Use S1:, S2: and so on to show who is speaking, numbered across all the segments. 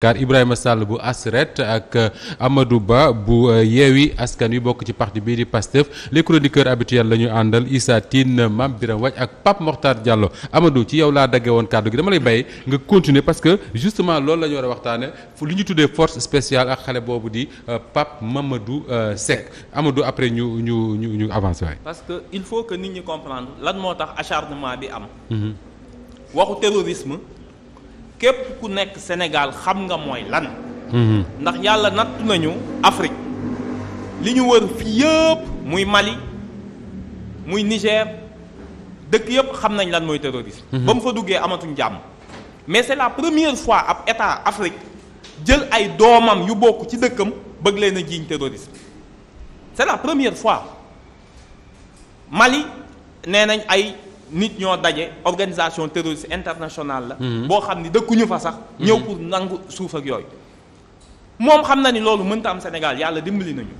S1: car Ibrahima Sall bu ASRED ak Amadou Ba bu euh, Yewwi Askan Wi bokk ci parti bii di PASTEF les chroniqueurs habituels la ñu àndal Issa Tine Mame Birame Wathie ak Pape Mokhtar Diallo amadu ci yow laa dagge woon kàddu gi dama lay bàyyi nga continuer parce que justement lool la ñu war a waxtaane li ñu tuddee force spéciale ak xale boobu di euh, Pape Mamadou euh, Seck amadu après ñu ñu ñu ñu avancer waay.
S2: parce que il faut que nit ñi comprendre lan moo tax acharnement bi am. Mhm. waxu terrorisme. képp ku nekk Sénégal xam nga mooy lan. Mhm. ndax yàlla natt nañu Afrique li ñu wër fii yëpp muy Mali muy Niger dëkk yëpp xam nañ lan mooy terrorisme. Mhm. ba mu fa duggee amatuñ jàmm. mais c'est la première fois ab état Afrique jël ay doomam yu bokk ci dëkkam bëgg leen a jiiñ terrorisme c'est la première fois Mali nee nañ ay. nit ñoo daje organisation terroriste internationale la. Mhm. boo xam ni dëkkuñu fa sax. Mhm. ñëw pour nangu suuf ak yooyu. moom xam na ni loolu mënta am Sénégal yàlla dimbali nañu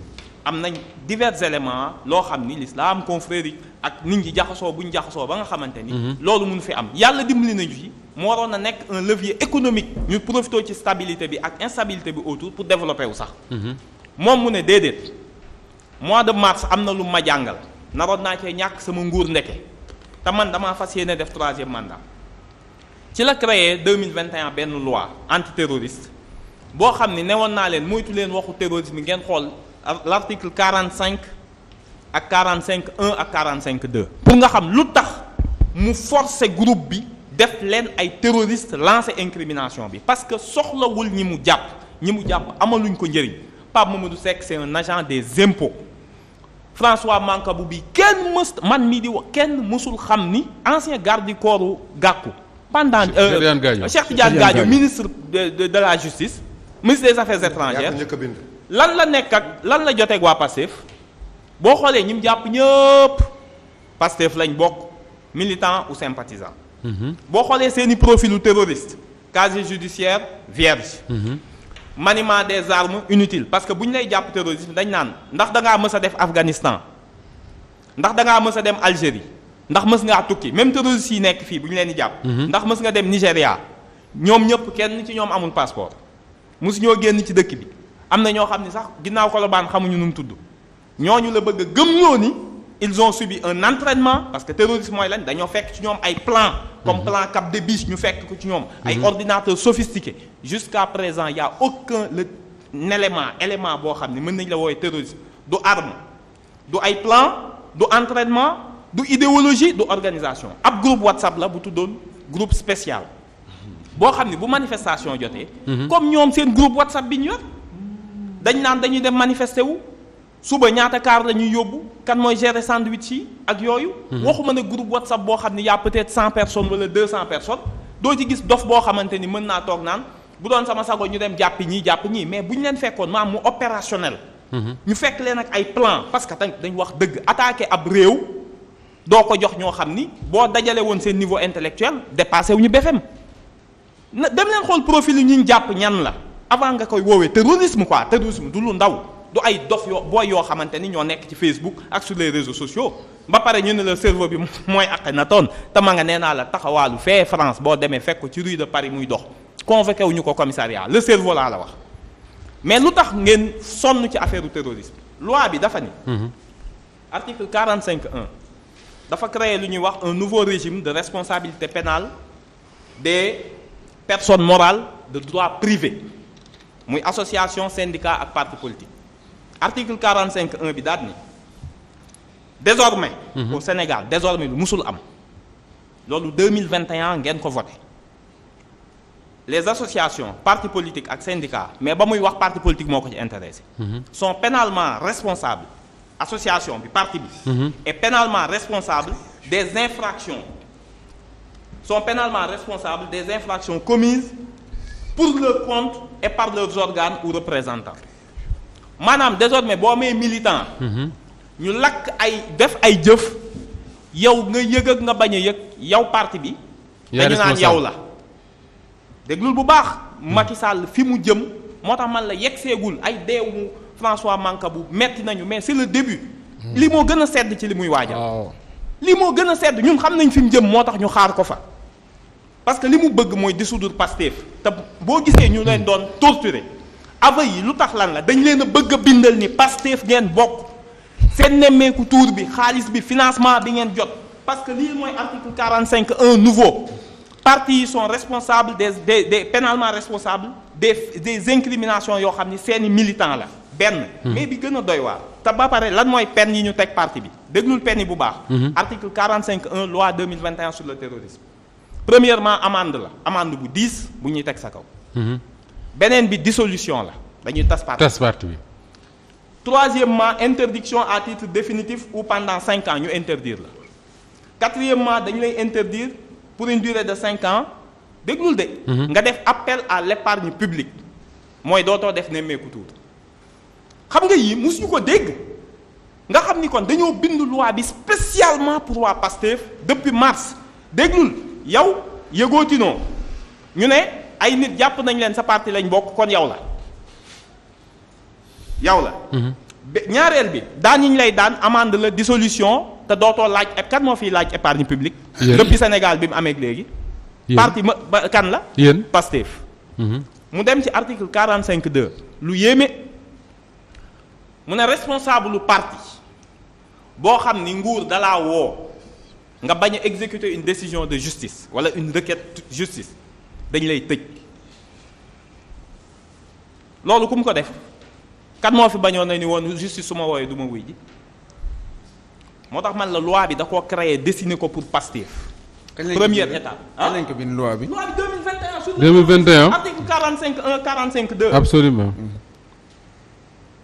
S2: am nañ divers éléments loo xam ni l'islam confrérie ak nit ñi jaxasoo bu ñu jaxasoo ba nga xamante ni. Mhm. loolu mun fi am yàlla dimbali nañu ci. moo waroon a nekk un levier économique. ñu profité ci stabilité bi ak instabilité bi autour pour développer wu sax. moom mu ne déedéet mois de mars am na lu ma jàngal naroon naa cee ñàkk sama nguur ndeke. te man damaa fas yéene def troisième mandat ci la créé 2021 benn loi antiterroriste boo xam ne newoon naa leen moytu leen waxu bi ngeen xool l' article 45 ak 45 1 ak 45 2 pour nga xam lu tax mu forcer groupe bi def leen ay terroriste lancer incrimination bi parce que soxlawul ñi mu jàpp ñi mu jàpp amaluñ ko njëriñ Pape Mamadou ma c' est un agent des impôts François Mancabou bi kenn mës man mii di wax kenn mësul xam ni ancien garde du corps Gakou pendant Cheikh Tidiane Gadio euh, ministre de de la justice ministre des affaires étrangères lan la nekk ak lan la joteeg waa Pastef boo xoolee ñi mu jàpp ñëpp Pastef lañ bokk militant ou sympathisant mhm. boo xoolee seen i profilu terroriste casier judiciaire vierge mhm. maniement des armes inutiles parce que bu ñu lay jàpp terrorisme dañ naan ndax da ngaa a def Afghanistan ndax da ngaa mës a dem Algérie ndax mës ngaa tukki même terroristes yi nekk fii bu ñu leen di jàpp. Mhm. ndax mës nga dem Nigéria ñoom ñëpp kenn ci ñoom amul passeport mosu ñoo génn ci dëkk bi am na ñoo xam ne sax ginnaaw Colobane xamuñu nu mu tudd ñu la bëgg a gëm ñoo ni. ils on subi un entraînement parce que terrorisme mooy lan dañoo fekk ci ñoom ay plan comme mhm. plan Cap de Biche ñu fekk ko ci ñoom ay mhm. ordinateurs sophistiqués jusqu'à présent il y a aucun le élément élément boo xam ne mën nañ la wooy terrorisme du arme du ay plan du entraînement du idéologie du organisation ab groupe WhatsApp la bu doon groupe spécial boo xam ne bu manifestation jotee mhm. comme ñoom seen groupe WhatsApp bi ñu yor dañ naan dañuy dem manifester wu suba ñaata kaar la ñuy yóbbu kan mooy gérer sandwich yi ak yooyu. Mhm. waxuma ne groupe whatsapp boo xam ne y' a peut-être cent personnes wala deux cent personnes doo ci gis dof boo xamante ni mën naa toog naan bu doon sama sago ñu dem jàpp ñii jàpp ñi mais bu ñu leen fekkoon maam mu opérationnel. Mhm. ñu fekk leen ak ay plan parce que tamit dañ wax dëgg attaqué ab réew doo ko jox ñoo xam ni boo dajalee woon seen niveau intellectuel dépassé wu ñu BFM na dem leen xool profil yi ñu jàpp ñan la avant nga koy woowee terrorisme quoi terrorisme du lu ndaw. du ay dof yoo booy yoo xamante ni ñoo nekk ci Facebook ak sur les réseaux sociaux ba pare ñu ne la cerveau bi mooy ton te a nga nee naa la taxawaalu fee France boo demee fekk ko ci rue de Paris muy dox convoqué wu ñu ko commissariat le cerveau laa la wax mais lu tax ngeen sonn ci affaire u terrorisme loi bi dafa ni mhm. article 45 dafa créer lu ñuy wax un nouveau régime de responsabilité pénale des personne morales de droit privé muy association syndicat ak parti article 45 1 bi daal ni désormais mhm. au Sénégal désormais lu musul am loolu 2021 ngeen ko voté les associations parti politiques ak syndicats mais ba muy wax parti politique moo ko ci intéressé mhm. sont pénalement responsables association bi parti bi mhm. et pénalement responsable des infractions son pénalement responsable des infractions commises pour leur compte et par leurs organes ou représentants maanaam désormais boo amee militan ñu lakk ay def ay jëf yow nga yëg ak nga bañ a yëg yow parti bi. dañu naan yow la. déglul bu baax. Hmm. Macky Sall fi mu jëm moo tax man la yeggseegul ay deewu François bu metti nañu mais c'est le début. Hmm. li moo gën a sedd ci li muy waajal. li moo gën a sedd ñun xam nañ fi mu jëm moo tax ñu xaar ko fa. parce que li mu bëgg mooy dissoudre Pastef te boo gisee ñu leen hmm. doon torturer. ava yi lu tax lan la dañ leen a bëgg a bindal ni Pastef ngeen bokk seen nemmeeku tuur bi xaalis bi financement bi ngeen jot parce que lii mooy article 45 un nouveau partis yi sont responsables des des des pénalement responsables des des incriminations yoo xam ni seeni militant la benn hmm. mais bi gën a doy waar te ba pare lan mooy peine yi ñu teg parti bi déglul peine yi bu baax hmm. cinq un article 45 1 loi 2021 sur le terrorisme premièrement amande la amande bu 10 bu ñuy teg sa kaw hmm. beneen bi dissolution la dañuy tas parti tas parti bi troisièmement interdiction à titre définitif ou pendant cinq ans ñu interdire la quatrièmement dañu lay interdire pour une durée de cinq ans déglul de mhm. nga def appel à l'épargne publique mooy dootoo def nemmeeku tuur xam nga yii musuñu ko dégg nga xam ni kon dañoo bind loi bi spécialement pour waa PASTEF depuis mars déglul yow yëgootinoo ñu ne ay nit jàpp nañ leen sa parti lañ bokk kon yow la yow la. Mhm. ñaareel bi daan yi lay daan amende la dissolution te dootoo laaj kan moo fiy laaj épargne publique. depuis Sénégal bi mu amee léegi. parti ma kan la. yéen Pastef. Mhm. mu dem ci article quarante cinq deux lu yéeme mu ne responsable lu parti boo xam ni nguur dalaa woo nga bañ a exécuter une décision de justice wala une requête justice. dañ lay tëj loolu ku mu ko def kan moo fi bañoo na ni woon justice su ma wooyee du ma wuy ji moo tax man la loi bi da koo créer dessiné ko pour Pastef première étape ah lañ ko bind loi bi. loi bi 2021 sur 2021 article 45 1 45 2. absolument.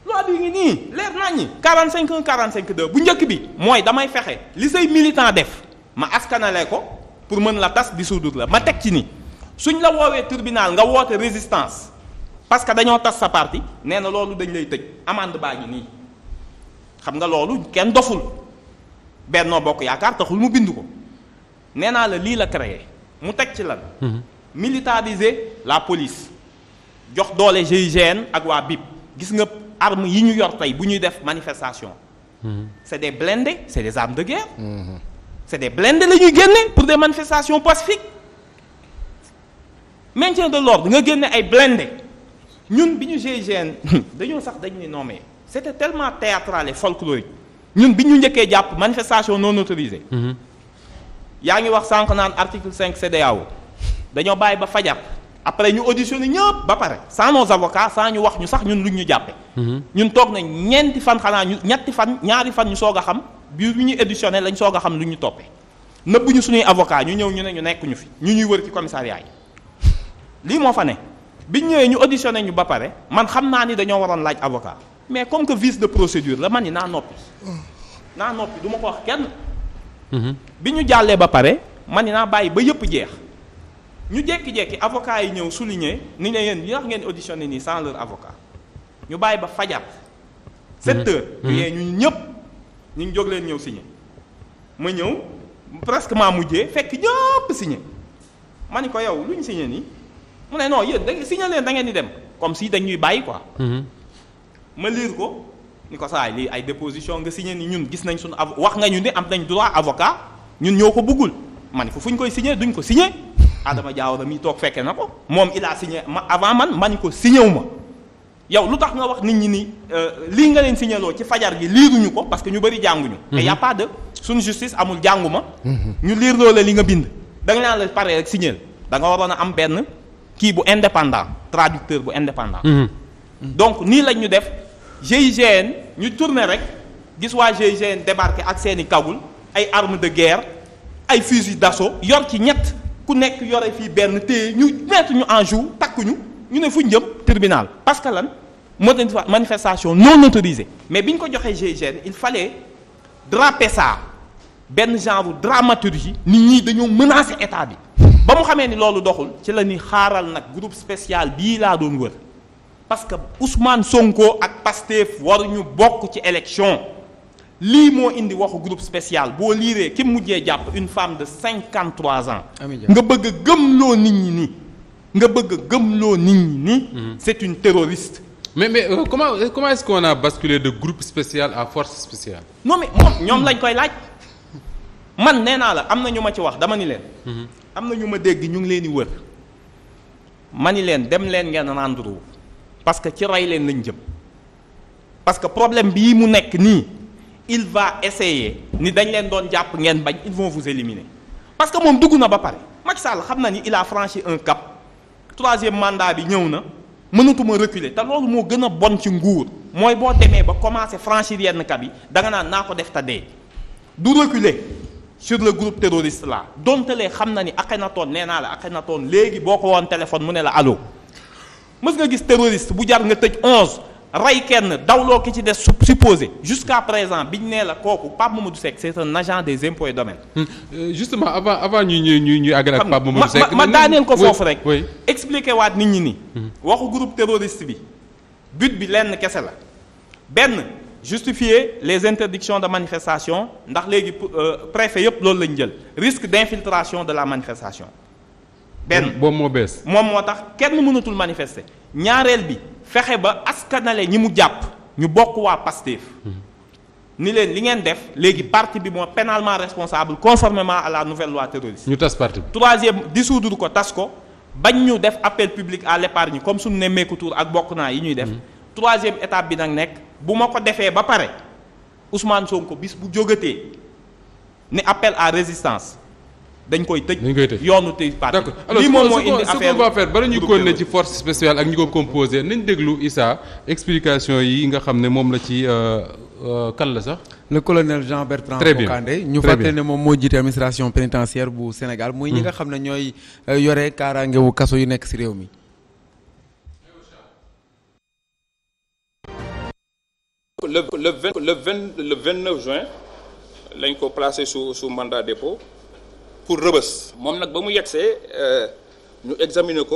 S2: loi bi ngi nii leer naññi. 45 1 45 2 bu njëkk bi mooy damay fexe li say militant def ma askanale ko pour mën la tas di suudur la ma teg ci ni. suñ la woowee tribunal nga woote résistance parce que dañoo tas sa parti nee na loolu dañ lay tëj amande baa ngi nii xam nga loolu kenn doful Benno Bokk Yaakaar taxul mu bind ko nee naa la lii la créer mu teg ci lan. Mhm. militariser la police jox doole GIGN ak waa BIP gis nga arme yi ñu yor tey bu ñuy def manifestation. Mhm. c'est de blende c'est des armes de guerre. Mhm. c'est des blindés la ñuy génne pour des manifestations pacifiques. maintien de l'ordre nga génne ay blindé ñun bi ñu GIGN dañoo sax dañ ni nommé c'était tellement théâtral et folklorique ñun bi ñu njëkkee jàpp manifestation non autorisée mhm. yaa ngi wax sànq naan cinq 5 CEDEAO dañoo bàyyi ba fajar après ñu auditionné ñëpp ba pare sans nos avocats sans ñu wax ñu sax ñun lu ñu jàppee. Mhm. ñun toog na ñeenti fan xanaa ñu ñetti fan ñaari fan ñu soog a xam biir bi ñu auditionné lañ soog a xam lu ñu toppee nëbbuñu suñuy avocats ñu ñëw ñu ne ñu nekkuñu fi ñu ñuy wër ci commissariat yi. lii moo fa ne biñ ñëwee ñu auditionné ñu ba pare man xam naa ni dañoo waroon laaj avocat mais comme que vice de procédure la man ni naa noppi naa noppi du ma ko wax kenn mhm. bi ñu jàllee ba pare man ni naa bàyyi ba yëpp jeex ñu jékki-jékki avocat yi ñëw souligner ni ne yéen yoo xam ngeen auditionné nii sans leur avocat ñu bàyyi ba fajar 7 mhm. heures mhm. ñu ñëpp ñu ngi jóg leen ñëw signé ma ñëw presque maa mujjee fekk ñëpp signé ma ni ko yow lu ñu signé nii mu ne non yéen da ngeen signaler da ngeen di dem comme si dañuy bàyyi quoi. Mm-hmm. ma lire ko ni ko saa lii ay déposition nga siñe ni ñun gis nañ suñu avo wax nga ñu ne am nañ droit avocat ñu ñoo ko bëggul man fu ñu koy siñe duñ ko signé. Adama Diawara mi toog fekke na ko moom il a signé man man ko signé wu ma yow lu tax nga wax nit ñi ni euh, lii nga leen signaloo ci fajar gi liiruñu ko parce que ñu bëri jànguñu. Mm-hmm. te y' a amul jàngu ma. Mm-hmm. ñu liir li nga bind. da nga pare rek signé da nga waroon a am benn. kii bu indépendant traducteur bu indépendant. Mhm. Mm. donc nii lañ ñu def gen ñu tourné rek gis waa GIGN débarqué ak seen i kagul ay armes de guerre ay fusil d'assaut yor ci ñett ku nekk yore fii benn téye ñu mettre ñu en joue takkuñu ñu ne fuñ jëm tribunal parce que lan manifestation non autorisée mais bi ñu ko joxee GIGN il fallait draper ça benn genre dramaturgie nit ñi dañoo menacer état bi. ba mu xamee ni loolu doxul ci la ni xaaral nag group spécial bii laa doon wër parce que Ousmane Sonko ak Pastef waruñu bokk ci élection lii moo indi waxu groupe spécial boo liiree ki mujjee jàpp une femme de cinquante trois ans nga bëgg gëm loo nit ñi nii nga bëgg gëm loo nit ñi ni mhm. c'est une terroriste mais mais euh, comment euh, comment est-ce qu'on de groupe spécial à force spéciale non moom ñoom lañ koy laaj man nee naa la am na ñu ma ci wax dama ni leen. Mhm. am na ñu ma dégg ñu ngi leen di wër. ma ni leen dem leen ngeen rendre parce que ci rey leen lañ jëm parce que problème bii mu nekk nii il va essayer ni dañ leen doon jàpp ngeen bañ ils vont vous parce que moom dugg na ba pare Macky Sall xam na ni il a franchi un cap troisième mandat bi ñëw na mënatuma reculer te loolu moo gën a bon ci nguur mooy boo demee ba commencer franchir yenn cap yi da nga naan naa ko def ta dee du reculer sur le groupe terroriste là dontalee xam na ni Akhenaton nee naa la Akhenaton léegi boo ko woon téléphone mu ne la allo mës nga gis terroriste bu jar nga tëj onze rey kenn dawloo ki ci des supposé jusqu'à présent biñ nee la kooku Pape ma du c'est un nagent des impôts et domaines. Hmm. Euh, justement avant avant ñuy ñuy ñuy ñuy àggal ak Pape Mamadou Seck ma daaneel ko foofu rek. expliqué waat nit ñi nii hmm. waxu group terroriste bi but bi lenn kese la benn. justifier les interdictions de manifestation ndax léegi euh, préfet yëpp loolu lañ jël risque d'infiltration de la manifestation benn boobu moo bees moom moo tax kenn mënatul manifester ñaareel bi fexe ba askanale ñi mu jàpp ñu bokk waa Pastef hmm. ni leen li ngeen def léegi parti bi moo pénalement responsable conformément à la nouvelle loi terroriste ñu tas parti bi troisième ko tas ko bañ ñu def appel public à l'épargne comme suñu nemmeeku tour ak bokk naa yi ñuy def hmm. troisième étape bi nag nekk bu ma ko defee ba pare soo ko bis bu jógatee ne appel à résistance dañ koy tëj. dañ koy tëj yoonu tëj parti. d'accord alors moo indi affaire va faire bala ñu ko ne ci force spéciale ak ñi ko composé
S1: nañ déglu Issa explication yi nga xam ne moom la ci euh, euh, kan la sax.
S2: le colonel Jean Bertrand Bocandé ñu fàttali ne moom moo jiite administration pénitentiaire bu Sénégal muy ñi hmm. nga xam ne ñooy euh, yore kaaraange kaso yu nekk ci réew mi. le le vingt le vingt le vingt neuf juin lañ ko placé sous sous mandat dépôt pour Rebeuss moom nag ba mu yegsee euh, ñu examiner ko.